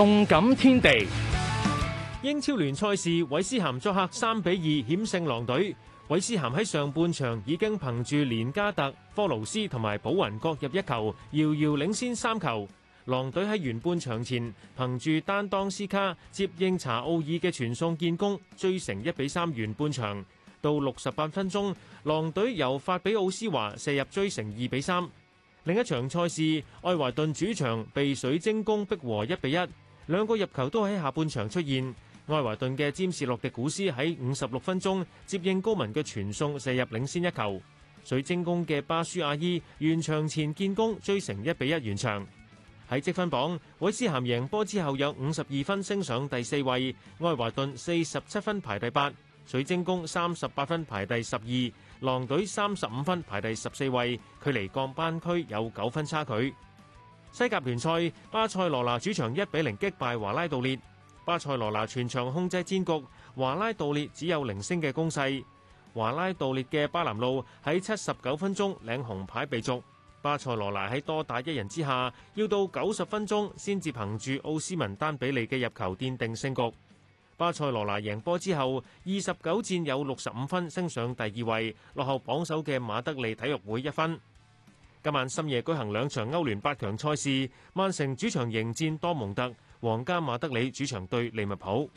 動感天地，英超聯賽事，韋斯咸作客三比二險勝狼隊。韋斯咸喺上半場已經憑住連加特、科勞斯同埋保雲各入一球，遙遙領先三球。狼隊喺完半場前憑住丹當斯卡接應查奧爾嘅傳送建功，追成一比三。完半場到六十八分鐘，狼隊由法比奧斯華射入，追成二比三。另一場賽事，愛華頓主場被水晶宮逼和一比一。兩個入球都喺下半場出現，愛華頓嘅占士洛迪古斯喺五十六分鐘接應高文嘅傳送，射入領先一球。水晶宮嘅巴舒亞依完場前建功，追成一比一完場。喺積分榜，韋斯咸贏波之後有五十二分，升上第四位，愛華頓四十七分排第八，水晶宮三十八分排第十二，狼隊三十五分排第十四位，距離降班區有九分差距。西甲聯賽，巴塞羅那主場一比零擊敗華拉度列。巴塞羅那全場控制戰局，華拉度列只有零星嘅攻勢。華拉度列嘅巴南路喺七十九分鐘領紅牌被逐。巴塞羅那喺多打一人之下，要到九十分鐘先至憑住奧斯文丹比利嘅入球奠定勝局。巴塞羅那贏波之後，二十九戰有六十五分，升上第二位，落後榜首嘅馬德里體育會一分。今晚深夜舉行兩場歐聯八強賽事，曼城主場迎戰多蒙特，皇家馬德里主場對利物浦。